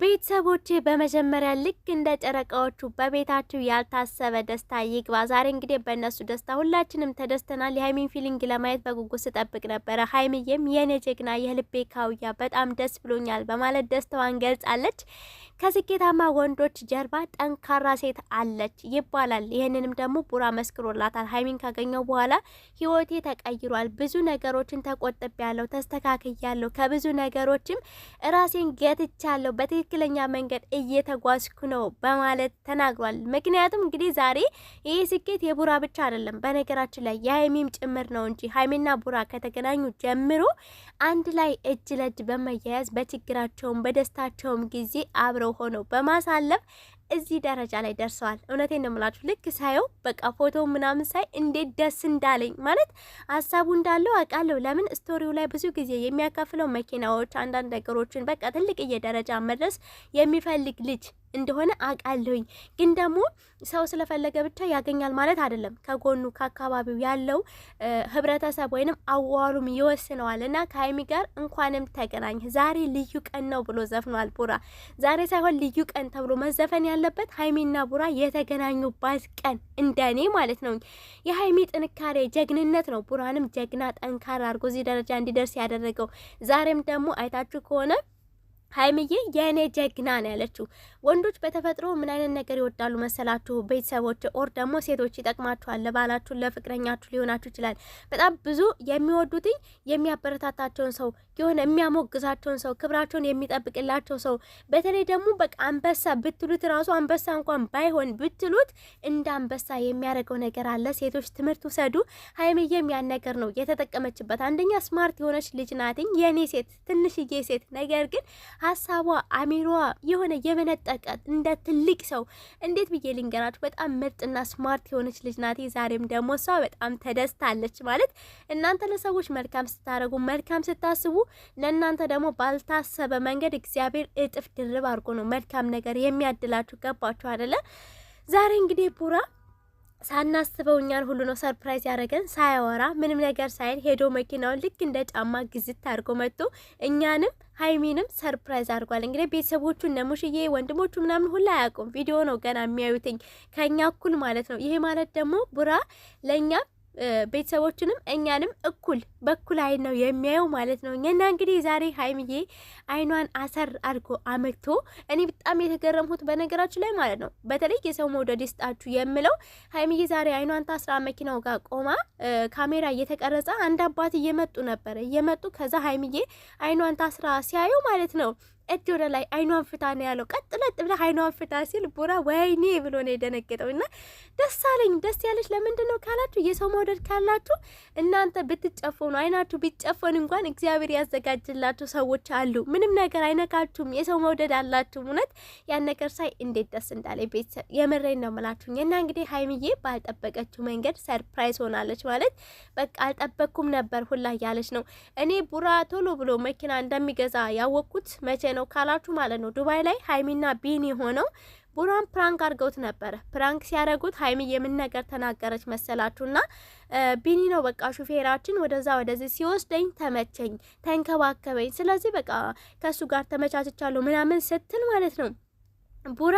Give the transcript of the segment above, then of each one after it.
ቤተሰቦቼ በመጀመሪያ ልክ እንደ ጨረቃዎቹ በቤታችሁ ያልታሰበ ደስታ ይግባ። ዛሬ እንግዲህ በእነሱ ደስታ ሁላችንም ተደስተናል። የሀይሚን ፊሊንግ ለማየት በጉጉት ስጠብቅ ነበረ። ሀይሚዬም የኔ ጀግና፣ የልቤ ካውያ፣ በጣም ደስ ብሎኛል በማለት ደስታዋን ገልጻለች። ከስኬታማ ወንዶች ጀርባ ጠንካራ ሴት አለች ይባላል። ይህንንም ደግሞ ቡራ መስክሮላታል። ሀይሚን ካገኘው በኋላ ህይወቴ ተቀይሯል፣ ብዙ ነገሮችን ተቆጥቤያለሁ፣ ተስተካክያለሁ፣ ከብዙ ነገሮችም ራሴን ገትቻለሁ በ በትክክለኛ መንገድ እየተጓዝኩ ነው በማለት ተናግሯል። ምክንያቱም እንግዲህ ዛሬ ይህ ስኬት የቡራ ብቻ አይደለም፣ በነገራችን ላይ የሀይሚም ጭምር ነው እንጂ ሀይሚና ቡራ ከተገናኙ ጀምሮ አንድ ላይ እጅ ለእጅ በመያያዝ በችግራቸውም በደስታቸውም ጊዜ አብረው ሆነው በማሳለፍ እዚህ ደረጃ ላይ ደርሰዋል። እውነቴን ነው የምላችሁ። ልክ ሳየው በቃ ፎቶ ምናምን ሳይ እንዴት ደስ እንዳለኝ ማለት ሀሳቡ እንዳለው አውቃለሁ። ለምን ስቶሪው ላይ ብዙ ጊዜ የሚያካፍለው መኪናዎች፣ አንዳንድ ነገሮችን በቃ ትልቅ የደረጃ መድረስ የሚፈልግ ልጅ እንደሆነ አውቃለሁኝ። ግን ደግሞ ሰው ስለፈለገ ብቻ ያገኛል ማለት አይደለም። ከጎኑ ከአካባቢው ያለው ህብረተሰብ ወይንም አዋሉም ይወስነዋል እና ከሀይሚ ጋር እንኳንም ተገናኝ ዛሬ ልዩ ቀን ነው ብሎ ዘፍኗል ቡራ። ዛሬ ሳይሆን ልዩ ቀን ተብሎ መዘፈን ያለበት ሀይሚና ቡራ የተገናኙባት ቀን እንደኔ ማለት ነው። የሀይሚ ጥንካሬ ጀግንነት ነው ቡራንም ጀግና ጠንካራ አድርጎ እዚህ ደረጃ እንዲደርስ ያደረገው። ዛሬም ደግሞ አይታችሁ ከሆነ ሀይምዬ የእኔ ጀግና ነው ያለችው። ወንዶች በተፈጥሮ ምን አይነት ነገር ይወዳሉ መሰላችሁ? ቤተሰቦች ኦር ደግሞ ሴቶች ይጠቅማችኋል፣ ለባላችሁ ለፍቅረኛችሁ ሊሆናችሁ ይችላል። በጣም ብዙ የሚወዱትኝ የሚያበረታታቸውን ሰው የሆነ የሚያሞግዛቸውን ሰው፣ ክብራቸውን የሚጠብቅላቸው ሰው። በተለይ ደግሞ በቃ አንበሳ ብትሉት ራሱ አንበሳ እንኳን ባይሆን ብትሉት እንደ አንበሳ የሚያደርገው ነገር አለ። ሴቶች ትምህርት ውሰዱ። ሀይምዬም ያን ነገር ነው የተጠቀመችበት። አንደኛ ስማርት የሆነች ልጅ ናትኝ፣ የእኔ ሴት ትንሽዬ ሴት ነገር ግን ሀሳቧ አሚሯ የሆነ የመነጠቀ እንደ ትልቅ ሰው እንዴት ብዬ ልንገራችሁ፣ በጣም ምርጥና ስማርት የሆነች ልጅ ናት። ዛሬም ደግሞ እሷ በጣም ተደስታለች ማለት እናንተ ለሰዎች መልካም ስታደረጉ፣ መልካም ስታስቡ ለእናንተ ደግሞ ባልታሰበ መንገድ እግዚአብሔር እጥፍ ድርብ አድርጎ ነው መልካም ነገር የሚያድላችሁ። ገባችሁ አይደለ? ዛሬ እንግዲህ ቡራ ሳናስበው እኛን ሁሉ ነው ሰርፕራይዝ ያደረገን። ሳያወራ ምንም ነገር ሳይል ሄዶ መኪናውን ልክ እንደ ጫማ ግዝት አድርጎ መጥቶ እኛንም ሀይሚንም ሰርፕራይዝ አድርጓል። እንግዲህ ቤተሰቦቹ እነ ሙሽዬ ወንድሞቹ ምናምን ሁላ አያውቁም። ቪዲዮ ነው ገና የሚያዩትኝ ከእኛ እኩል ማለት ነው። ይሄ ማለት ደግሞ ቡራ ለእኛም ቤተሰቦችንም እኛንም እኩል በኩል አይን ነው የሚያየው ማለት ነው። እኛና እንግዲህ ዛሬ ሀይምዬ አይኗን አሰር አድርጎ አመግቶ እኔ በጣም የተገረምኩት በነገራችን ላይ ማለት ነው። በተለይ የሰው መውደድ ይስጣችሁ የምለው ሀይምዬ ዛሬ አይኗን ታስራ መኪናው ጋር ቆማ ካሜራ እየተቀረጸ አንድ አባት እየመጡ ነበር እየመጡ ከዛ ሀይምዬ አይኗን ታስራ ሲያዩ ማለት ነው እጅ ወደ ላይ አይኗን ፍታ ነው ያለው። ቀጥ ለጥ ብለህ አይኗን ፍታ ሲል ቡራ ወይኔ ብሎ ነው የደነገጠው። እና ደስ አለኝ። ደስ ያለች ለምንድን ነው ካላችሁ የሰው መውደድ ካላችሁ እናንተ ብትጨፈኑ አይናችሁ ቢጨፈን እንኳን እግዚአብሔር ያዘጋጅላችሁ ሰዎች አሉ። ምንም ነገር አይነካችሁም። የሰው መውደድ አላችሁ። እውነት ያን ነገር ሳይ እንዴት ደስ እንዳለ ቤተሰብ የምሬን ነው የምላችሁኝ። እና እንግዲህ ሀይምዬ ባልጠበቀችው መንገድ ሰርፕራይዝ ሆናለች ማለት በቃ አልጠበቅኩም ነበር ሁላ እያለች ነው። እኔ ቡራ ቶሎ ብሎ መኪና እንደሚገዛ ያወቅኩት መቼ ነው ነው ካላችሁ ማለት ነው ዱባይ ላይ ሀይሚና ቢኒ ሆነው ቡራን ፕራንክ አድርገውት ነበረ። ፕራንክ ሲያደርጉት ሀይሚ የምን ነገር ተናገረች መሰላችሁና ቢኒ ነው በቃ ሹፌራችን ወደዛ ወደዚህ ሲወስደኝ ተመቸኝ፣ ተንከባከበኝ። ስለዚህ በቃ ከእሱ ጋር ተመቻችቻለሁ ምናምን ስትል ማለት ነው ቡራ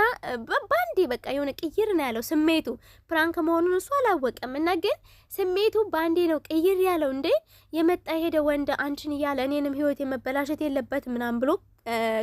በአንዴ በቃ የሆነ ቅይር ነው ያለው ስሜቱ። ፕራንክ መሆኑን እሱ አላወቀም፣ እና ግን ስሜቱ በአንዴ ነው ቅይር ያለው። እንዴ የመጣ ሄደ ወንድ አንቺን እያለ እኔንም ህይወት የመበላሸት የለበት ምናም ብሎ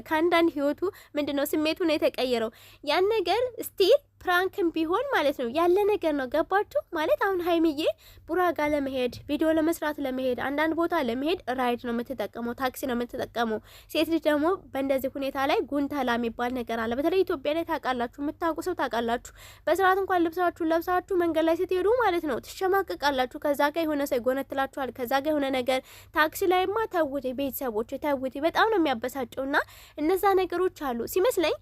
ከአንዳንድ ህይወቱ ምንድን ነው ስሜቱ ነው የተቀየረው ያን ነገር ስቲል ፕራንክም ቢሆን ማለት ነው ያለ ነገር ነው። ገባችሁ ማለት አሁን ሀይሚዬ ቡራ ለመሄድ ቪዲዮ ለመስራት ለመሄድ አንዳንድ ቦታ ለመሄድ ራይድ ነው የምትጠቀመው፣ ታክሲ ነው የምትጠቀመው። ሴት ልጅ ደግሞ በእንደዚህ ሁኔታ ላይ ጉንተላ የሚባል ነገር አለ። በተለይ ኢትዮጵያ ላይ ታውቃላችሁ፣ የምታውቁ ሰው ታውቃላችሁ። በስርዓት እንኳን ልብሳችሁ ለብሳችሁ መንገድ ላይ ስትሄዱ ማለት ነው ትሸማቅቃላችሁ። ከዛ ጋር የሆነ ሰው ይጎነትላችኋል። ከዛ ጋር የሆነ ነገር ታክሲ ላይማ ተውቴ ቤተሰቦች ተውቴ በጣም ነው የሚያበሳጨው። እና እነዛ ነገሮች አሉ ሲመስለኝ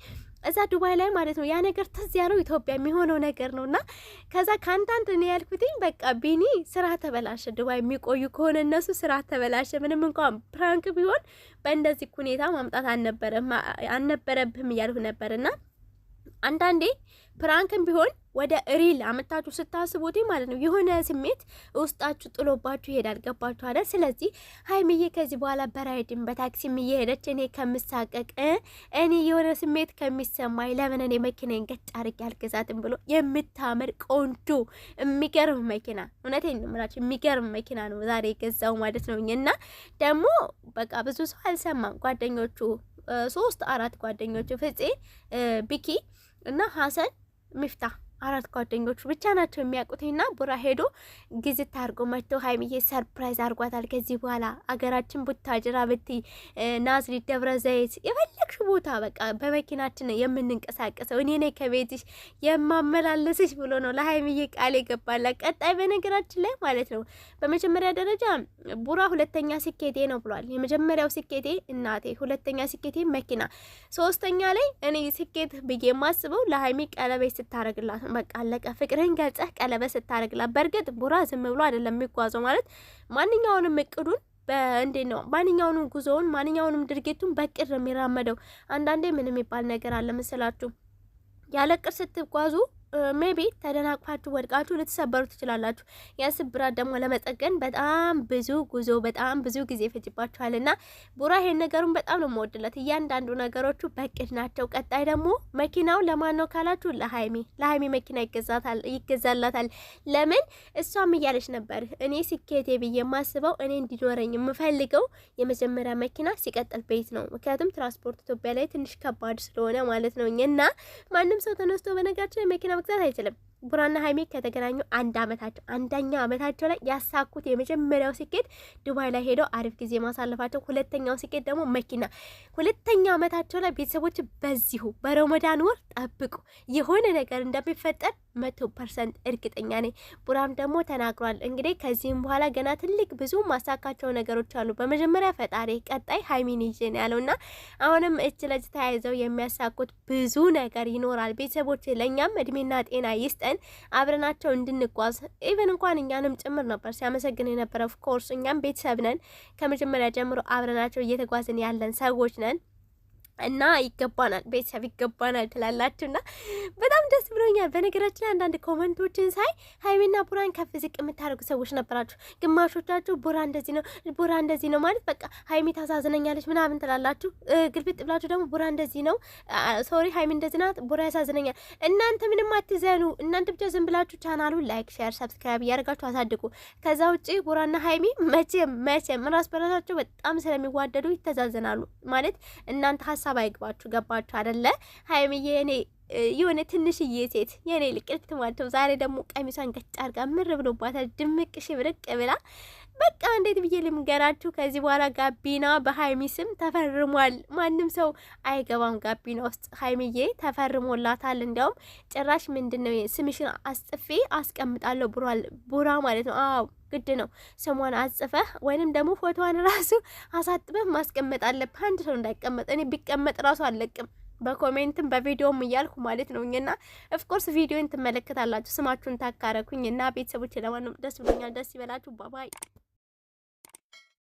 እዛ ዱባይ ላይ ማለት ነው ያ ነገር ትዝ ያለው ኢትዮጵያ የሚሆነው ነገር ነው። እና ከዛ ከአንዳንድ እኔ ያልኩትኝ በቃ ቢኒ ስራ ተበላሸ፣ ዱባይ የሚቆዩ ከሆነ እነሱ ስራ ተበላሸ። ምንም እንኳን ፕራንክ ቢሆን በእንደዚህ ሁኔታ ማምጣት አልነበረብህም እያልሁ ነበር እና አንዳንዴ ፕራንክም ቢሆን ወደ ሪል አመታችሁ ስታስቡት ማለት ነው የሆነ ስሜት ውስጣችሁ ጥሎባችሁ ይሄዳል። ገባችሁ አለ። ስለዚህ ሀይሚዬ ከዚህ በኋላ በራይድን በታክሲ እየሄደች እኔ ከምሳቀቅ እኔ የሆነ ስሜት ከሚሰማኝ ለምን እኔ መኪናን ገጭ አድርጌ አልገዛትም ብሎ የምታምር ቆንጆ የሚገርም መኪና እውነት ምላቸው የሚገርም መኪና ነው ዛሬ የገዛው ማለት ነው። እና ደግሞ በቃ ብዙ ሰው አልሰማም ጓደኞቹ ሶስት አራት ጓደኞቹ ፍፄ፣ ቢኪ እና ሀሰን ሚፍታ አራት ጓደኞቹ ብቻ ናቸው የሚያውቁትና ቡራ ሄዶ ግዝት አድርጎ መጥቶ ሀይሚዬ ሰርፕራይዝ አድርጓታል። ከዚህ በኋላ አገራችን ቡታጅራ ብቲ፣ ናዝሪ ደብረ ዘይት የፈለግሽ ቦታ በቃ በመኪናችን የምንንቀሳቀሰው እኔ ነኝ ከቤትሽ የማመላለስሽ ብሎ ነው ለሀይሚዬ ቃል የገባላ። ቀጣይ በነገራችን ላይ ማለት ነው በመጀመሪያ ደረጃ ቡራ ሁለተኛ ስኬቴ ነው ብሏል። የመጀመሪያው ስኬቴ እናቴ፣ ሁለተኛ ስኬቴ መኪና፣ ሶስተኛ ላይ እኔ ስኬት ብዬ የማስበው ለሀይሚ ቀለበት ስታረግላት ነው በቃ አለቀ። ፍቅርህን ገልጸህ ቀለበት ስታደርግላት። በእርግጥ ቡራ ዝም ብሎ አይደለም የሚጓዘው ማለት ማንኛውንም እቅዱን እንዴት ነው ማንኛውንም ጉዞውን ማንኛውንም ድርጊቱን በቅር የሚራመደው። አንዳንዴ ምን የሚባል ነገር አለ መሰላችሁ ያለ ቅር ስትጓዙ ሜቢ ተደናቅፋችሁ ወድቃችሁ ልትሰበሩ ትችላላችሁ። ያ ስብራት ደግሞ ለመጠገን በጣም ብዙ ጉዞ፣ በጣም ብዙ ጊዜ ይፈጅባችኋል። እና ቡራ ይሄን ነገሩን በጣም ነው የምወድለት። እያንዳንዱ ነገሮቹ በቅድ ናቸው። ቀጣይ ደግሞ መኪናው ለማን ነው ካላችሁ፣ ለሀይሚ ለሀይሚ መኪና ይገዛላታል። ለምን እሷም እያለች ነበር፣ እኔ ስኬቴ ብዬ የማስበው እኔ እንዲኖረኝ የምፈልገው የመጀመሪያ መኪና፣ ሲቀጥል ቤት ነው። ምክንያቱም ትራንስፖርት ኢትዮጵያ ላይ ትንሽ ከባድ ስለሆነ ማለት ነው እና ማንም ሰው ተነስቶ በነጋቸው የመኪና Sağlıkla geçelim. ቡራና ሀይሜ ከተገናኙ አንድ አመታቸው አንደኛው አመታቸው ላይ ያሳኩት የመጀመሪያው ስኬት ዱባይ ላይ ሄደው አሪፍ ጊዜ ማሳለፋቸው፣ ሁለተኛው ስኬት ደግሞ መኪና። ሁለተኛ አመታቸው ላይ ቤተሰቦች በዚሁ በረመዳን ወር ጠብቁ፣ የሆነ ነገር እንደሚፈጠር መቶ ፐርሰንት እርግጠኛ ነኝ። ቡራም ደግሞ ተናግሯል። እንግዲህ ከዚህም በኋላ ገና ትልቅ ብዙ ማሳካቸው ነገሮች አሉ። በመጀመሪያ ፈጣሪ፣ ቀጣይ ሀይሚን ይዤ ነው ያለው እና አሁንም እጅ ለእጅ ተያይዘው የሚያሳኩት ብዙ ነገር ይኖራል። ቤተሰቦች ለእኛም እድሜና ጤና ይስጠ። መጠን አብረናቸው እንድንጓዝ ኢቨን እንኳን እኛንም ጭምር ነበር ሲያመሰግን የነበረ ኦፍኮርስ እኛም ቤተሰብ ነን ከመጀመሪያ ጀምሮ አብረናቸው እየተጓዝን ያለን ሰዎች ነን። እና ይገባናል፣ ቤተሰብ ይገባናል ትላላችሁና በጣም ደስ ብሎኛል። በነገራችን ላይ አንዳንድ ኮመንቶችን ሳይ ሀይሚና ቡራን ከፍ ዝቅ የምታደርጉ ሰዎች ነበራችሁ። ግማሾቻችሁ ቡራ እንደዚህ ነው፣ ቡራ እንደዚህ ነው ማለት በቃ ሀይሚ ታሳዝነኛለች ምናምን ትላላችሁ። ግልብጥ ብላችሁ ደግሞ ቡራ እንደዚህ ነው፣ ሶሪ ሀይሜ እንደዚህ ናት፣ ቡራ ያሳዝነኛል። እናንተ ምንም አትዘኑ። እናንተ ብቻ ዝም ብላችሁ ቻናሉ ላይክ፣ ሼር፣ ሰብስክራይብ እያደርጋችሁ አሳድጉ። ከዛ ውጭ ቡራና ሀይሚ መቼም መቼም ራስ በራሳቸው በጣም ስለሚዋደዱ ይተዛዘናሉ ማለት እናንተ ሀሳብ ሀሳብ አይግባችሁ። ገባችሁ አደለ? ሀይሚዬ የኔ የሆነ ትንሽዬ ሴት የኔ ልቅልት ማለት ዛሬ ደግሞ ቀሚሷን ገጭ አድርጋ ምር ብሎባታል። ድምቅ ሽብርቅ ብላ በቃ እንዴት ብዬ ልምገራችሁ? ከዚህ በኋላ ጋቢና በሀይሚ ስም ተፈርሟል። ማንም ሰው አይገባም ጋቢና ውስጥ ሀይሚዬ ተፈርሞላታል። እንዲያውም ጭራሽ ምንድን ነው ስምሽን አስጥፌ አስቀምጣለሁ ቡራ ማለት ነው። አዎ ግድ ነው። ስሟን አጽፈህ ወይንም ደግሞ ፎቶዋን ራሱ አሳጥበህ ማስቀመጥ አለብህ። አንድ ሰው እንዳይቀመጥ እኔ ቢቀመጥ ራሱ አለቅም በኮሜንትም በቪዲዮም እያልኩ ማለት ነው። እና ኦፍኮርስ ቪዲዮን ትመለከታላችሁ። ስማችሁን ታካረኩኝ እና ቤተሰቦች ለማንም ደስ ብሎኛል። ደስ ይበላችሁ። ባባይ